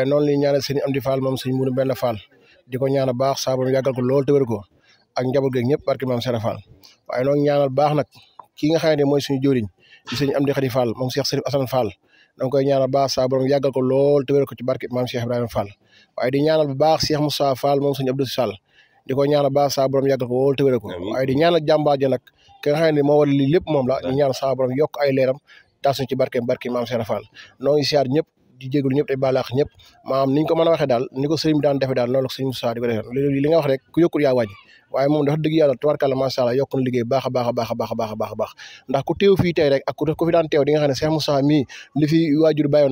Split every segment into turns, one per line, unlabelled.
waaye noonu la ñuy ñaanal sëñ Amdi Fall moom sëñ Mourou Mbène Fall di ko ñaanal baax ne mooy suñu jëwriñ di sëñ Amdi Khady Fall moom Cheikh Serif Assane Fall da nga koy ñaanal baax saa borom yàggal ko lool te wér ko ci barke maam Cheikh Ibrahima Fall waaye di ñaanal bu baax Cheikh Moussa Fall moom ko ñaanal baax saa borom yàggal ko lool te wér ko waaye di ñaanal jàmbaar ja nag ki nga xam ne moo war lii lépp moom la di ñaanal saa borom yokk ay leeram tas ñu ci barke barke maam Serap Fall noo ngi siyaar ñëpp di jégalu ñëpp te baalaax ñëpp maanaam ni ñu ko mën a waxee daal ni ko sëriñ bi daan defee daal noonu la ko sëriñ Moussa di yokk a a a baax a baax a baax a baax ndax ku teew fii tey rek ak ku fi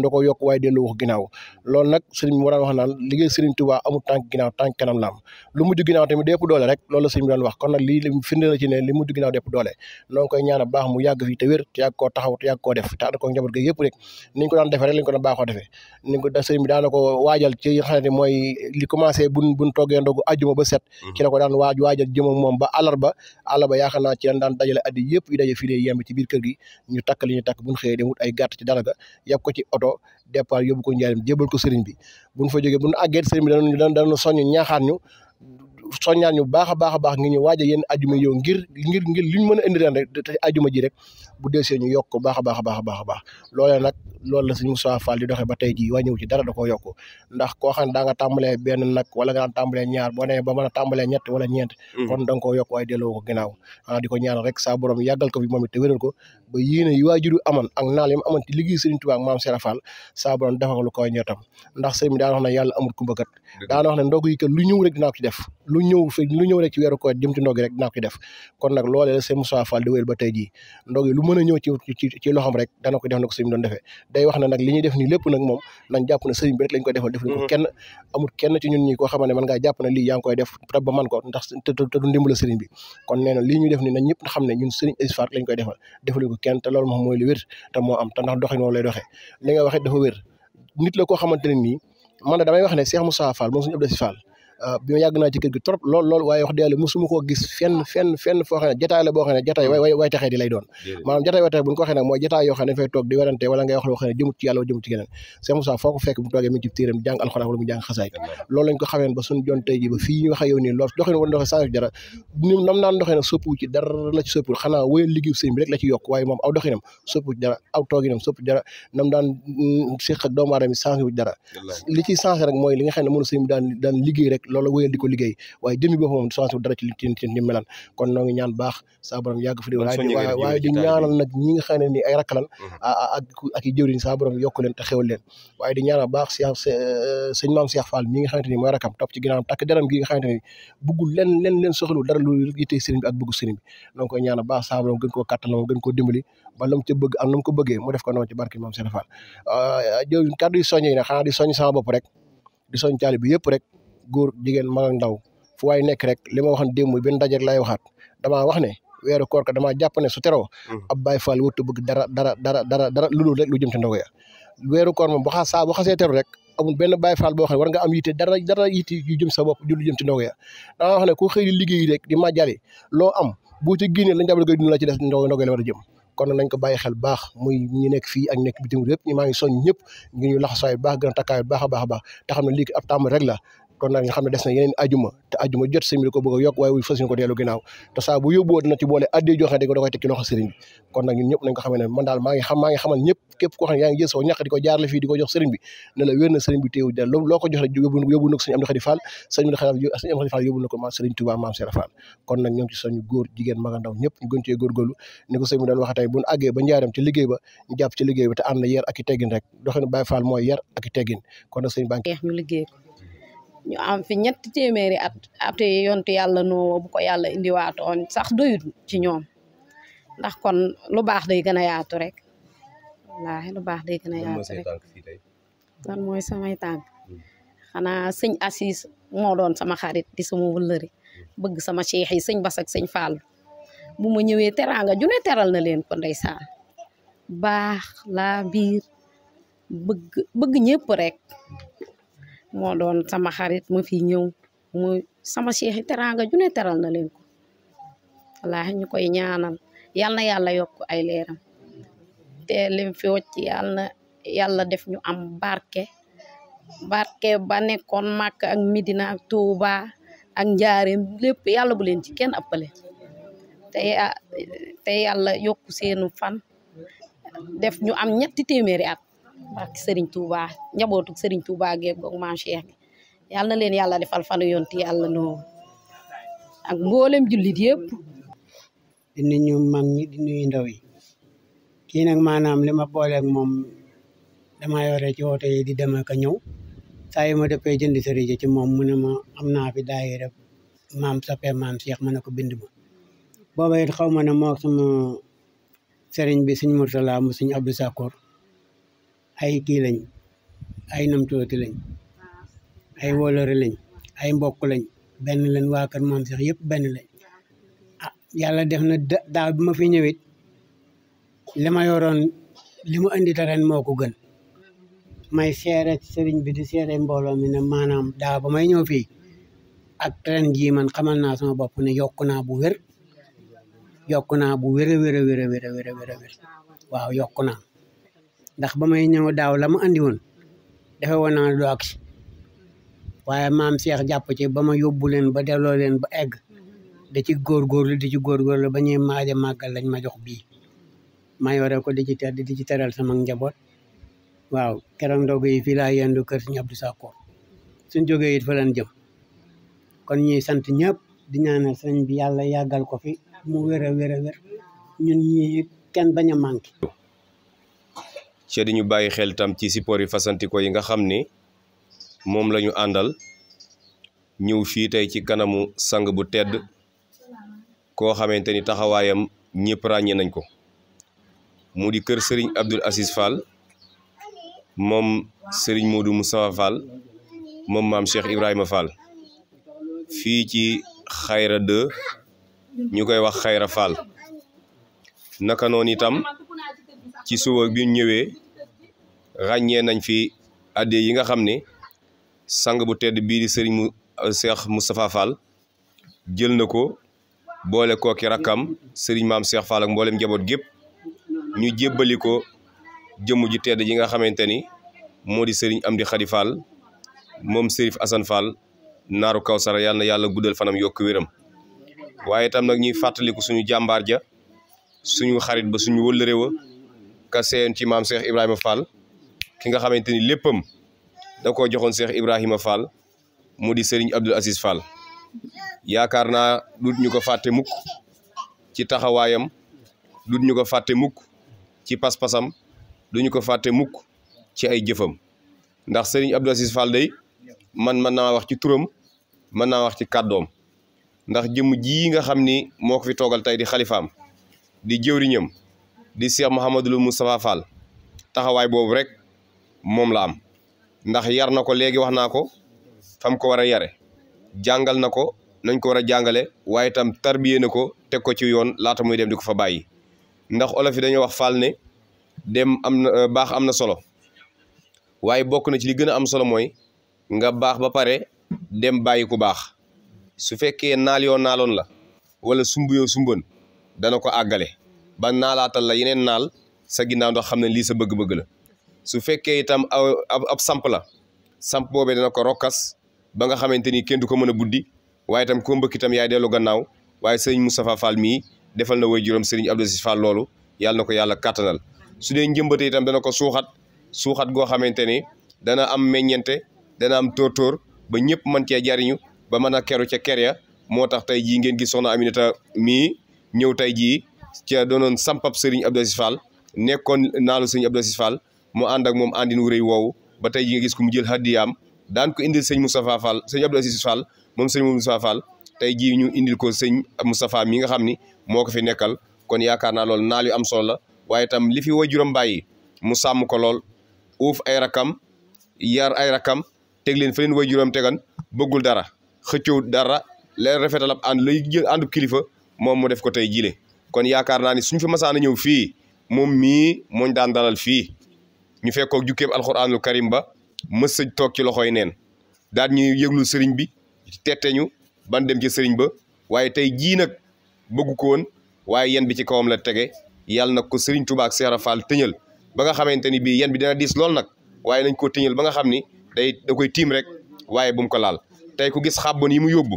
ko yokk waaye dellu wax ginnaaw loolu nag sëriñ daan wax doole rek koy ñaan baax mu yàgg fii te wér te yàgg taxaw te yàgg koo def te ko njaboot ga yëpp rek jafe ni ko da sëriñ bi daana ko waajal ci nga xamante mooy li commencé bun buñ toggee ndogu ajjuma ba set mm-hmm. ci la ko daan waaj waajal jëm moom ba àllarba àllarba yaakaar naa ci lan daan dajale addi yëpp yu daje fii ci biir kër gi ñu takk ñu takk buñ xëyee dem ay gàtt ci dalaga yàpp ko ci oto départ yóbbu ko njaarim jébal ko sëriñ bi buñ fa jógee buñ àggee sëriñ bi danañu danañu soññ ñaaxaat ñu soññaan ñu baax a baax a baax ngi ñu waaj a yéen ajuma yow ngir ngir ngir liñ a indi rek ji rek bu deesee ñu yokk ko baax a baax a baax a a baax loolee nag loolu la suñu Moussa a di doxee ba tey jii wàññëw ci dara da koo yokk ndax koo xam ne daa nga tàmbalee benn nag wala nga daan tàmbalee ñaar boo nee ba mën a tàmbalee ñett wala ñeent mm. kon da nga koo yokk waaye delloo ko ginnaaw xanaa di ko ñaan rek saa borom yàggal ko fi moom it te ko ba yéene yi waajur yu amoon ak naal yam amoon ci liggéey Sëriñ Tuubaa ak Maam Seera Faal saa borom lu koy ñottam ndax sëriñ bi daan wax ne yàlla amul kumbakat daan wax ne ndog yi lu ñëw rek di na ko sëriñ doon defee day wax ne nag li ñuy def nii lépp nag moom mhm. koo xamante ne def tab na lii ñuy def nii nañ ñëpp xam ne ñun sëriñ Aziz Fall lañ koy defal defaluñ ko kenn te loolu moom mooy lu wér te moo am te ndax doxin moom lay doxee li nga waxee dafa wér nit la koo xamante ne nii man damay wax ne Cheikh Moussa Fall a suñu Abdou si Fall bi ma yàgg naa ci kër gi trop lool lool waaye wax dëgg yàlla mosuma koo gis fenn fenn fenn foo xam ne la boo xam ne jataay way way di lay doon maanaam jataay way taxee bu ñu ko waxee mooy jataay yoo xam ne dafay toog di werante ko fekk ba suñu jon tey ji ba fii ñu wax ak yow doxin woon doxee saa dara ñun daan séq ak doomu aadama dara li ci rek mooy li nga xam ne mënu daan liggéey rek loolu wéyal di ko liggéey waaye jëmi boobu moom chance dara ci ci ci ñu melan kon noo ngi ñaan baax saa borom yàgg fi di waaye waaye di ñaanal nag ñi nga xam ne ni ay rakkalan mhm. ak ak i jëwriñ saa borom yokku leen waaye di ñaanal baax Cheikh euh, sëñ maam Cheikh Fall mi nga xamante ni mooy rakam topp ci ginnaawam takk deram gi nga xamante ni buggul leen leen leen soxlu dara lu yitte sëriñ a ak bëggu sëriñ bi noo ngi koy ñaanal baax saa borom gën koo kàttanam gën koo dimbali ba lam ca bëgg am na mu ko bëggee mu def ko noonu ci barke maam Cheikh Fall euh, jëwriñ kàddu yi soññi na rek di soñ caali bi yëpp rek góor jigéen mag ak ndaw fu waay nekk rek li ma waxoon démb benn daje laay waxaat damaa wax ne weeru koor ka damaa jàpp ne su teroo hmm. ab Baay Faal bëgg dara dara dara dara dara lu rek lu jëm ci ndogu ya weeru koor moom bu xaa saa bu xasee teru rek amul benn Baay Faal boo xam ne war nga am yitte dara dara yitte yu jëm sa bopp lu jëm ci ndogu ya damaa wax ne ku xëy di liggéey rek di ma màjjali loo am boo ci génnee na jàppale dund la ci des ndogu ndogu la war a jëm kon nañ ko bàyyi xel baax muy ñi nekk fii ak nekk bitim réew yëpp ñu maa ngi soñ ñëpp ngir ñu laxasaayu baax gën a takkaayu baax a baax a baax te xam ne lii a tàmm rek la kon nag nga des na yeneen ajuma te ajuma jot sëriñ bi ko bëgg a yokk waaye fas ñu ko dellu ginnaaw te saa bu yóbbuwoo dina ci boole adde joo xam ne da kon nag na sëriñ bi téew dal loo ko jox rek yóbbu na ko sëriñ Amdi Xadi Fall sëriñ Amdi Xadi Fall yóbbu na ko maam sëriñ Tuubaa maam Seera Fall kon nag ñoo ngi ba njaaram ci ba ñu jàpp liggéey ba te ànd na ak i rek
ñu am fi ñetti téeméeri at ate yontu yàlla noowa bu ko yàlla indiwaatoon sax doyut ci ñoom ndax kon lu baax day gën a yaatu rek wallaahi lu baax day gën a yaatu rek lan mooy samay tànk hmm. xanaa sëñ Assis moo doon sama xarit di sama wëllëri hmm. bëgg sama cheikh yi sëñ Basak sëñ Fallou bu ma ñëwee teraanga ju ne teral na leen ko ndeysaan baax laa biir bëgg bëgg ñëpp rek moo doon sama xarit ma fi ñëw mu sama cheikh teraanga ju ne teral na leen ko wallaahi ñu koy ñaanal yal na yàlla yokk ay leeram te lim fi wocc yal na yàlla def ñu am barke barke ba nekkoon Màkka ak Medina ak Touba ak Njaareem lépp yàlla bu leen ci kenn appale te te yàlla yokk seenu fan def ñu am ñetti téeméeri at barke Serigne Touba njabootu Serigne Touba gépp ak maam Cheikh gi yàlla na leen yàlla defal fanu yonti yàlla noonu ak mboolem jullit yëpp.
di nuyu mag ñi di nuyu ndaw yi kii nag maanaam li ma booleeg moom dama yore ci oto yi di dem ak a ñëw saa yi ma dëppee jënd sëriñ ci moom mu ne ma am naa fi daayira maam sape ma ne ko bind ma. booba it xaw ma ne moo sama sëriñ bi suñ Murtala mu suñ Abdou Sakkour. ay kii lañ ay namtuwati lañ ay wolore lañ ay mbokk lañ benn lañ waa kër maam Cheikh yëpp benn lañ ah yàlla def na daaw bi ma fi ñëwit li ma yoroon li mu indi te moo ko gën may seere sëriñ bi di seere mbooloo mi ne maanaam daaw ba may ñëw fii ak ren jii man xamal naa sama bopp ne yokku naa bu wér yokku naa bu wér a wér a wér a wér a wér a wér waaw yokku naa ndax ba may ñëw daaw la ma andi woon defe woon naa du waaye maam Cheikh jàpp ci ba ma yóbbu leen ba delloo leen ba egg da ci góor góorgóorlu di ci góor góorgóorlu ba ñuy maaja màggal lañ ma jox bii ma yore ko di ci tedd di ci teral sama njaboot waaw keroog ndog yi fii laa yendu kër Serigne Abdou Sakor suñ jógee it fa leen jëm kon ñuy sant ñëpp di ñaanal sëriñ bi yàlla yàggal ko fi mu wér a wér a wér ñun ñi kenn bañ a manqué
ca di ñu bàyyi xel itam ci support yi fasanti ko yi nga xam ni moom la ñu àndal ñëw fii tey ci kanamu sang bu tedd koo xamante ni taxawaayam ñëpp ràññee nañ ko mu di kër sëriñ Abdoul Aziz Fall moom Serigne Modou Moustapha Fall moom maam Cheikh Ibrahima Fall fii ci Xayra 2 ñu koy wax Xayra Fall naka noonu itam ci suba bi ñëwee ràññee nañ fi addiya yi nga xam ni sang bu tedd bii di sëriñ mu euh, Cheikh Moustapha Fall jël na ko boole kooki rakkam sëriñ maam Cheikh Fall ak mboolem njaboot gépp ñu jébbali ko jëmm ju tedd ji nga xamante ni moo di sëriñ Amdi Khady Fall moom sërif Assane Fall naaru Kawsar yàlla na yàlla guddal fanam yokk wéram waaye tam nag ñuy fàttaliku suñu jàmbaar ja suñu xarit ba suñu wëllëre ka seeyoon ci maam Cheikh Ibrahima Fall ki nga xamante ni léppam da koo joxoon Cheikh Ibrahima Fall mu di Serigne Abdoul asis Fall yaakaar naa dut ñu ko fàtte mukk ci taxawaayam dut ko fàtte mukk ci pas-pasam duñu ko fàtte mukk ci ay jëfam ndax sëriñ Abdoul Aziz Fall day man mën naa wax ci turam mën naa wax ci kaddoom ndax jëmm ji nga xam ni moo ko fi toogal tey di xalifaam di jëwriñam di Cheikh Mouhamadul Moustapha Fall taxawaay boobu rek moom la am ndax yar na ko léegi wax naa ko fam ko war a yare jàngal na ko nañ ko war a jàngale waaye itam tarbiyé ne ko teg ko ci yoon laata muy dem di ko fa bàyyi ndax olof yi dañoo wax Fall ne dem am na euh, baax am na solo waaye bokk na ci li gën a am solo mooy nga baax ba pare dem bàyyi ku baax su fekkee naal yoo naaloon la wala sumb yoo dana ko àggale ba naalaatal la yeneen naal sa ginnaaw ndax xam ne lii sa bëgg-bëgg la su fekkee itam ab ab samp la samp boobee dana ko rokkas ba nga xamante ni kenn du ko mën a buddi waaye itam ko yaay dellu gannaaw waaye sëriñ Moustapha Fall mii defal na way juróom sëriñ Abdou Aziz Fall loolu yàlla na ko yàlla kàttanal su dee njëmbate itam dana ko suuxat suuxat goo xamante ni dana am meññente dana am tóortóor ba ñëpp mën cee jariñu ba mën a keru ca ker ya moo tax tey jii ngeen gis soxna Aminata mii ñëw tey jii ca doonoon sampab Serigne Abdou Aziz Fall nekkoon naalu Serigne Abdou Aziz Fall mu ànd ak moom àndin wu rëy woowu ba tey ji gis ko mu jël hadiyaam daan ko indil sëñ Moustapha Fall sëñ Abdou Aziz moom sëñ Moustapha tey jii ñu indil ko sëñ Moustapha mi nga xam ni moo ko fi nekkal kon yaakaar naa loolu naal yu am sola la waaye itam li fi waajuram mu sàmm ko lool uuf ay rakam yar ay rakam teg leen fa leen waajuram tegan bëggul dara xëccoo dara leen rafetal ab ànd lay jël àndu kilifa moom mu def ko tey jile kon yaakaar naa ni suñ fi masaana ñëw fii moom mii mooñ daan dalal fii ñu fekkoog jukkeeb alxuraanul karim ba ma a toog ci loxoy neen daal ñu yëglu sëriñ bi tetteñu ban dem ci sëriñ ba waaye tey jii nag bëggu ko woon waaye yen bi ci kawam la tege yàlla na ko sëriñ tubaak ak Seex Ibra Faal tëñal ba nga xamante ni bii yen bi dina diis lool nag waaye nañ koo tëñal ba nga xam ni day da koy tiim rek waaye bu ko laal tey ku gis xàbbon yi mu yóbbu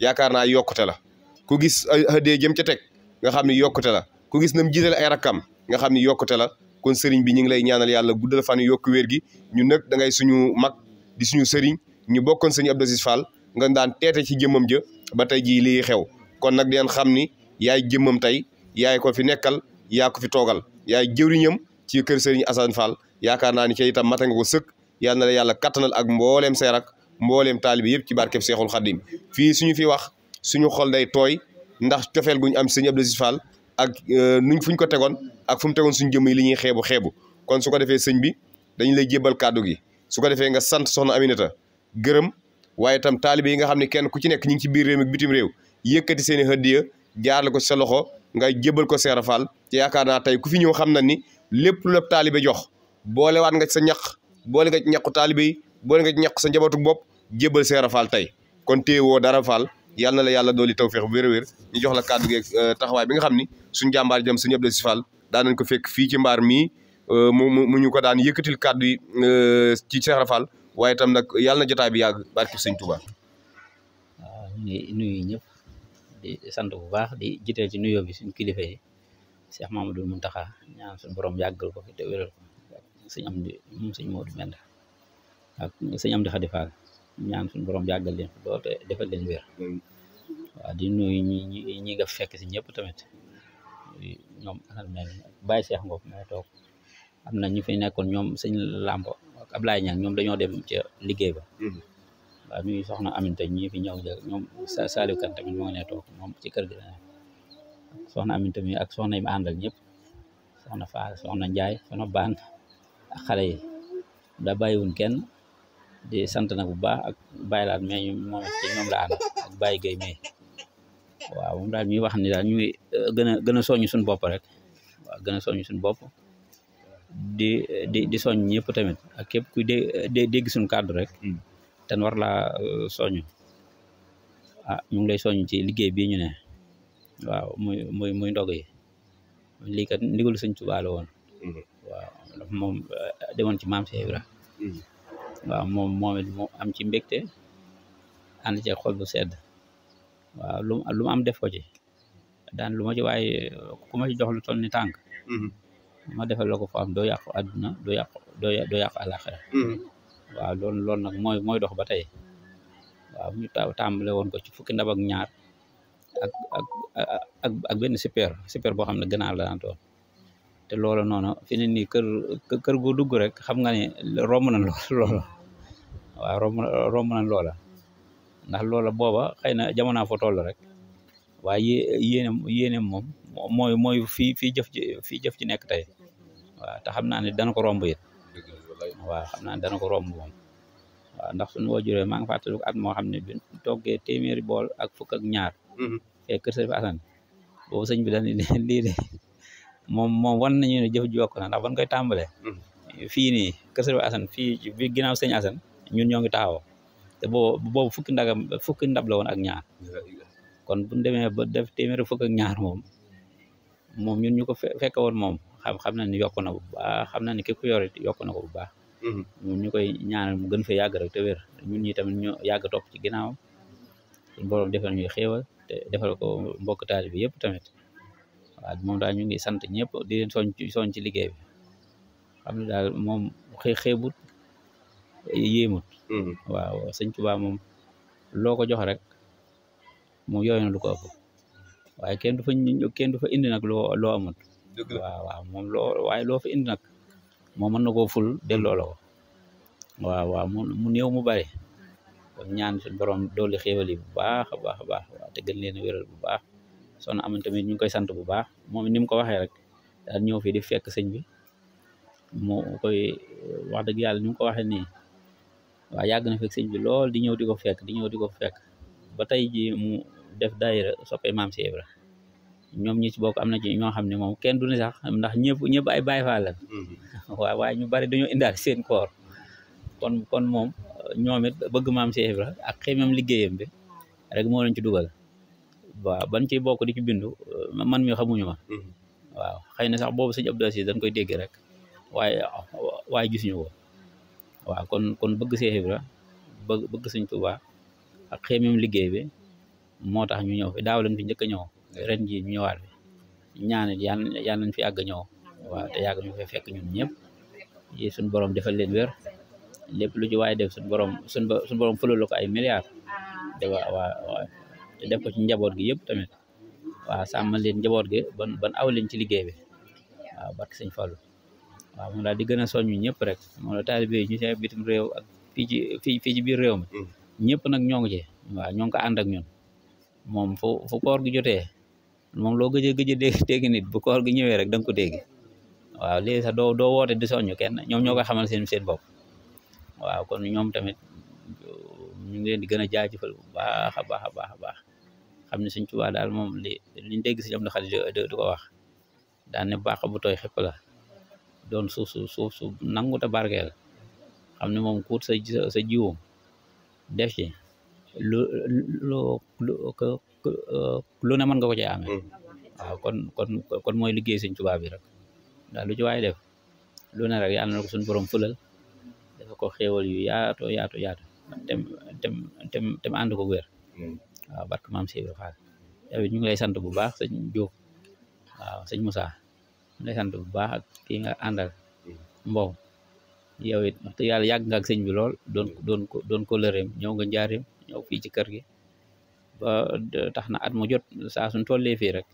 yaakaar naa yokkute la ku gis hëddee jëm ca teg nga xam ni yokkute la ku gis nam jiitale ay rakkam nga xam ni yokkute la kon sëriñ bi ñu ngi lay ñaanal yàlla guddal fan yokku wér gi ñun nag dangay suñu mag di suñu sëriñ ñu bokkoon sëriñ Abdou Aziz Fall nga daan teete ci jëmmam jë ba tey jii lii xew kon nag deen xam ni yaay jëmmam tey yaay ko fi nekkal yaa ko fi toogal yaay jëwriñam ci kër sëriñ Assane Fall yaakaar naa ni ca itam mate nga ko sëkk yal na yàlla kattanal ak mbooleem seerak mbooleem taalibi yëpp ci barkeb Seexul Xaddim fii suñu fi wax suñu xol day tooy ndax cofeel guñ am sëñ Abdou Aziz Fall ak euh, nuñ fuñ ko tegoon ak fu mu tegoon suñ jëmm yi li ñuy xeebu xeebu kon su ko defee sëñ bi dañu lay jébbal kàddu gi su ko defee nga sant soxna Aminata gërëm waaye itam taalibe yi nga xam ne kenn ku ci nekk ñu ngi ci biir réew mi bitim réew yëkkati seen i hëddiya jaarale ko sa loxo nga jébbal ko Seera Fall yaakaar naa tey ku fi ñëw xam na ni lépp lu la taalibe jox boolewaat nga sa ñaq boole nga ci ñaqu taalibe boole nga ci sa njabootu bopp jébbal Seera Fall tey kon téye woo yàlla na la yàlla dooli tawféex bu wér a wér ñu jox la kàddu geeg euh, taxawaay bi nga xam ni suñ jàmbaar jëm suñu Abdou Aziz Fall daan nañ ko fekk fii ci mbaar mi euh, mu mu ko daan yëkkatil kàddu yi euh, ci Cheikh Rafal waaye nag yàlla na bi yàgg barke sëñ Touba.
ñu ngi nuyu ñëpp di sant bu baax di jiteel ci nuyoo bi siñ kilifa yi Cheikh Mamadou Mountakha ñaan suñu borom yàggal ko ko ak sëñ Amdi moom sëñ ñaan suñ boroom yàggal leen lool te defal leen wér waaw di nu ñi ñi ñi nga fekk si ñëpp tamit ñoom anal mel bàyyi seex ngoog toog am na ñu fi nekkoon ñoom sëñ làmp ak Ablaye Niang ñoom dañoo dem liggéey ba waaw ñuy soxna ñi fi ñëw jël ñoom Saliou Kane tamit moo ne toog moom ci kër gi la na Aminta mi ak soxna yi mu àndal ñëpp soxna Faal na Njaay soxna Baan ak xale yi da bàyyiwuñ kenn di sant nag bu baax ak bàyyi laat mais moom la ànd ak bàyyi gay mais waaw moom daal ñuy wax ni daal ñuy euh, gën a gën a soññ suñu bopp rek waaw gën a soññ suñu bopp di di di ñëpp tamit ak képp kuy dé dégg suñu kàddu rek hmm. ten war laa euh, soññ ah ñu ngi lay soñ ci liggéey bii ñu ne waaw muy muy muy ndog yi lii kat sëñ Tuubaa woon hmm. waaw moom euh, demoon ci maam Cheikh waaw moom moom it mu am ci mbégte ànd ci xol bu sedd waaw lu lu am def ko daan lu ma ci waaye ku ma ci jox lu toll ni tànk mm-hmm. ma defal la ko foo am doo yàqu àdduna doo yàqu doo doo yàqu àlaxira mm-hmm. waaw loolu loolu nag mooy mooy dox ba tey waaw ñu tàmbale woon ko ci fukki ndab ak ñaar ak ak ak ak benn super super boo xam ne ganaar la daan te loola noonu fi ne nii kër kër gu dugg rek xam nga ne romb na loola waaw romb romb na ndax loola booba xëy na jamono fa toll rek waaye yéene yéene moom mooy mooy fii fii jëf ji fii jëf ji nekk tey waaw te xam naa ne dana ko romb it waaw xam naa ne dana ko romb moom waaw ndax suñu waajuree maa ngi fàttaliku at moo xam ne bi toggee téeméeri bool ak fukk ak ñaar mhm. fekk kër Sëriñ Asan boobu sëñ bi dañ moom moom wan nañu ne jëf ji yokk na ndax ban koy tàmbalee hmm. fii nii kër Sëriñ Asan fii bi ginnaaw sëñ Asan ñun ñoo ngi taxaw te boobu boobu fukki ndagam fukki ndab la woon ak ñaar kon bu demee ba def téeméeri fukk ak ñaar moom ñun ñu ko fekk woon moom xam xam na ni yokk na bu baax xam na ni képp ku yor it yokk na ko bu baax hmm. ñun ñu koy ñaanal mu gën fa yàgg rek te ñun ñi tamit ñu yàgg ci ginnaaw suñu borom defal ñuy xéewal te defal ko mbokk taali bi yëpp tamit waaw moom daal ñu ngi sant ñëpp di leen soñ soñ ci liggéey bi daal moom xëy xeebut yéemut mm-hmm. waaw sëñ Tuubaa moom loo ko jox rek mu yooyu na lu ko ëpp waaye kenn du fa kenn du fa indi nag loo loo amut waaw moom loo waaye loo fa indi nag moom mën na ko ful delloo la ko waaw waaw mu néew mu bari kon ñaan suñu borom dooli xéewal bu baax a baax a baax waaw te gën leen a bu baax soxna aman tamit ñu ngi koy sant bu baax moom ni mu ko waxee rek daal ñëw fii di fekk sëñ bi mu koy wax dëgg yàlla ni ko waxee nii waaw yàgg na fekk sëñ bi lool di ñëw di ko fekk di ñëw di ko fekk ba tey ji mu def daayira soppe maam si Ibra ñoom ñi ci bokk am na ci ñoo xam ne moom kenn du ne sax ndax ñëpp ay Baay Faal la mm-hmm. waaw waaye ñu bari dañoo indaal seen koor kon kon moom ñoomit it bëgg maam si Ibra ak xëy liggéeyam bi rek moo leen ci dugal waaw ban ci bokk di ci bindu man mi xamuñu ma mhm. waaw xëy na sax boobu sëñ Abdou Aziz dañ koy dégg rek waaye waaye gisuñu waaw kon kon bëgg Cheikh Ibra bëgg bëgg sëñ Tuubaa ak xéemim liggéey bi moo tax ñu ñëw fi daaw lañ njëkk a ñëw ren ji ñëwaat fi ñaanit yàlla yàlla nañ fi àgg ñëw waaw te yàgg ñu fay fekk ñun ñëpp yi suñ borom defal leen wér lépp lu ci waaye def suñ borom suñ borom fulal ko ay milliards de waa waa te def ci njaboot gi yëpp tamit waaw sàmmal leen njaboot gi ban ban aw leen ci liggéey bi waaw barke sëñ Fallou moom daal di gën a soññu ñëpp rek moom la taalibe yi ñu réew ak fii ci fii fii ci biir réew mi mm. ñëpp nag ñoo ngi ci waaw ñoo ngi ko ànd ak ñun moom fu fu koor gi jotee moom loo gëj a gëj a dégg nit bu koor gi ñëwee rek da nga ko dégg waaw léegi sax doo doo woote di soññu kenn ñoom ñoo ko xamal seen seen bopp waaw kon ñoom tamit ñu ngi leen di gën a jaajëfal bu baax a baax a baax a baax xam ne Sëñ Tuubaa daal moom li liñ dégg si am na xarit di ko wax daan ne baax bu tooy xëpp la doon suuf su suuf su nangu te barkeel xam ne moom kuut sa sa jiwu def ci lu lu ne mën nga ko cee amee hmm. kon kon kon mooy liggéey Sëñ Tuubaa bi rek daal lu ci waay def lu ne rek yàlla na ko suñu borom fulal dafa ko xéewal yu yaato yaato yaatu tem tem tem ànd ko wér hmm. waaw barke maam Cheikh Ibra Fall yow ñu ngi lay sant bu baax sëñ Diop waaw sëñ Moussa ñu ngi lay sant bu baax ak kii nga àndal hmm. mbow yow it wax yàlla yàgg nga sëñ bi lool doon doon ko doon ko nga njaareem ñëw fii ci kër gi ba tax na at mu jot saa suñ tollee fii rek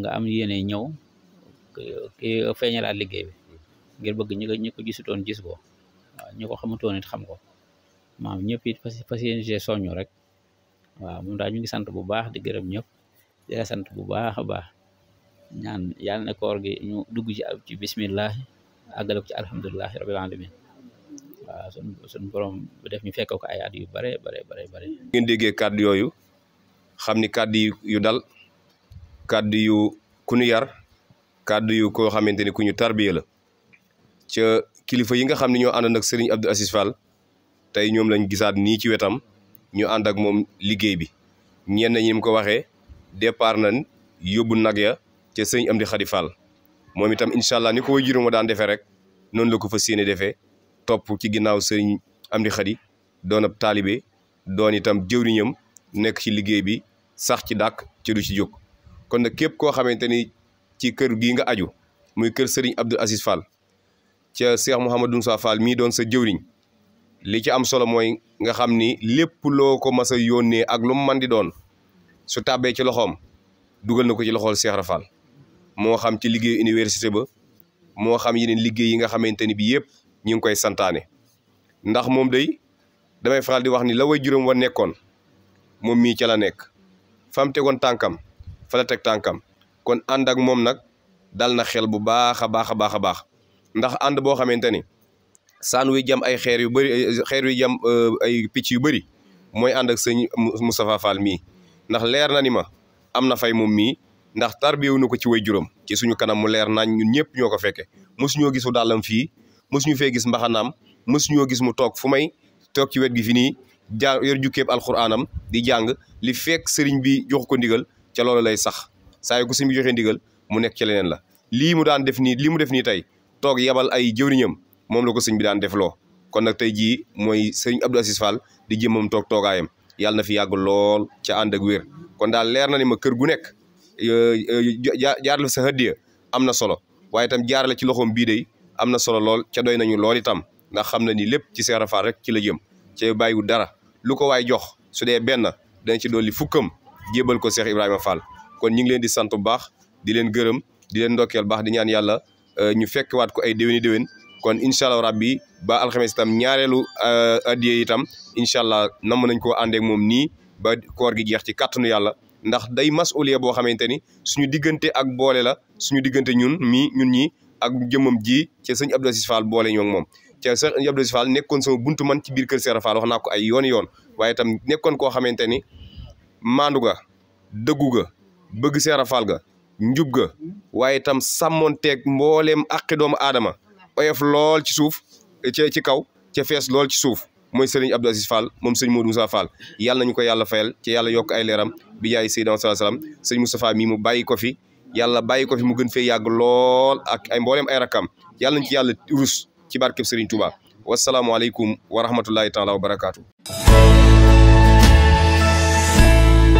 nga am yéene ñëw ki feeñalaat liggéey bi hmm. ngir bëgg ñi ko ñi ko gisutoon gis ko waaw xam ko maam ñëpp it fas yéene ci soññu rek waaw moom daal ñu ngi sant bu baax di gërëm ñëpp di sant bu baax a baax ñaan yàlla na koor gi ñu dugg ci ci bismillah àggale ko ci alhamdulilahi rabbil alamin waaw sun borom bu def ñu fekk ko ay at yu bare bare bare bare
ngeen déggee kàddu yooyu xam ni kàddu yu dal kàddu yu ku ñu yar kàddu yu koo xamante ni ku ñu tarbiya la ca kilifa yi nga xam ne ñoo àndoon ak Serigne Abdou Aziz tey ñoom lañu gisaat nii ci wetam ñu ànd ak moom liggéey bi ñenn ñi mu ko waxee départ nañ yóbbu nag ya ca sëñ Amdi Khady Fall moom itam incha allah ni ko way juróom ma daan defee rek noonu la ko fas yéene defee topp ci ginnaaw sëñ Amdi Khady doon ab taalibe doon itam jëwriñam nekk ci liggéey bi sax ci dàkk ci du ci jóg kon nag képp koo xamante ni ci kër gii nga aju muy kër sëriñ Abdou Aziz Fall ca Cheikh Mouhamadou Moussa Fall mii doon sa jëwriñ li ci am solo mooy nga xam ni lépp loo ko mas yónnee ak lu mu man di doon su tàbbee ci loxoom dugal na ko ci loxool Cheikh Rafal moo xam ci liggéeyu université ba moo xam yeneen liggéey yi nga xamante ni bi yëpp ñu ngi koy santaane ndax moom day damay faral di wax ni la way juróom wa nekkoon moom mii ca la nekk fam tegoon tànkam fa la teg tànkam kon ànd ak moom nag dal na xel bu baax a baax a baax a baax ndax ànd boo xamante ni saan wuy jam ay xeer yu bëri xeer yu jam euh, ay picc yu bëri mooy ànd ak sëñ Moustapha Fall mii ndax leer na ni ma am na fay moom mii ndax tarbiyewu na ko ci way juróom ci suñu kanam mu leer nañ ñun ñëpp ñoo ko fekke mosuñoo gisu dàllam fii mosuñu fee gis mbaxanaam mosuñoo gis mu toog fu may toog ci wet gi fi nii jaa yor jukkeeb alxuraanam di jàng li fekk sëriñ bi jox ko ndigal ca loolu lay sax saa yu ko sëriñ bi joxee ndigal mu nekk ci leneen la lii mu daan def nii lii mu def nii tey toog yabal ay jëwriñam moom la ko sëñ bi daan defloo kon nag tey jii mooy sëñ Abdou Aziz Fall di moom toog toogaayam yàlla na fi yàgg lool ca ànd ak wér kon daal leer na ni ma kër gu nekk jaar la sa hëddiya am na solo waaye itam jaarale ci loxoom bii day am na solo lool ca doy nañu lool itam ndax xam na ni lépp ci Seex Ibra Faal rek ci la jëm ca bàyyiwul dara lu ko waay jox su dee benn dana ci dolli fukkam jébal ko Seex Ibrahima Fall kon ñu ngi leen di sant bu baax di leen gërëm di leen ndokkeel baax di ñaan yàlla euh, ñu fekk ko ay déwéni déwén kon incha allah rabbi ba alxames itam ñaareelu euh, addiye itam incha allah namm nañ ko àndeek moom nii ba koor gi jeex ci kàttanu yàlla ndax day masuliya boo xamante ni suñu diggante ak boole la suñu diggante ñun mii ñun ñi ak jëmmam ji ca sëñ Abdou Aziz Fall boole ñoo moom ca sëñ Abdou Aziz Fall nekkoon sama buntu man ci biir kër Seera Fall ay yooni yoon waaye itam nekkoon koo xamante ni maandu ga dëggu ga bëgg Seera Fall ga njub ga waaye itam sàmmoonteeg mbooleem aqi doomu aadama oyof lool ci suuf ca ci kaw ca fees lool ci suuf mooy sëriñ Abdou Aziz Fall moom sëriñ Modou Moussa Fall yàlla nañu ko yàlla fayal ci yàlla yokk ay leeram bi yaay Seydina sallallahu alayhi wasallam sëriñ Moustapha mii mu bàyyi ko fi yàlla bàyyi ko fi mu gën fee yàgg lool ak ay mbooleem ay rakam yàlla nañ ci yàlla rus ci barkeb sëriñ Touba wasalaamualeykum wa rahmatullahi taala wa barakaatu.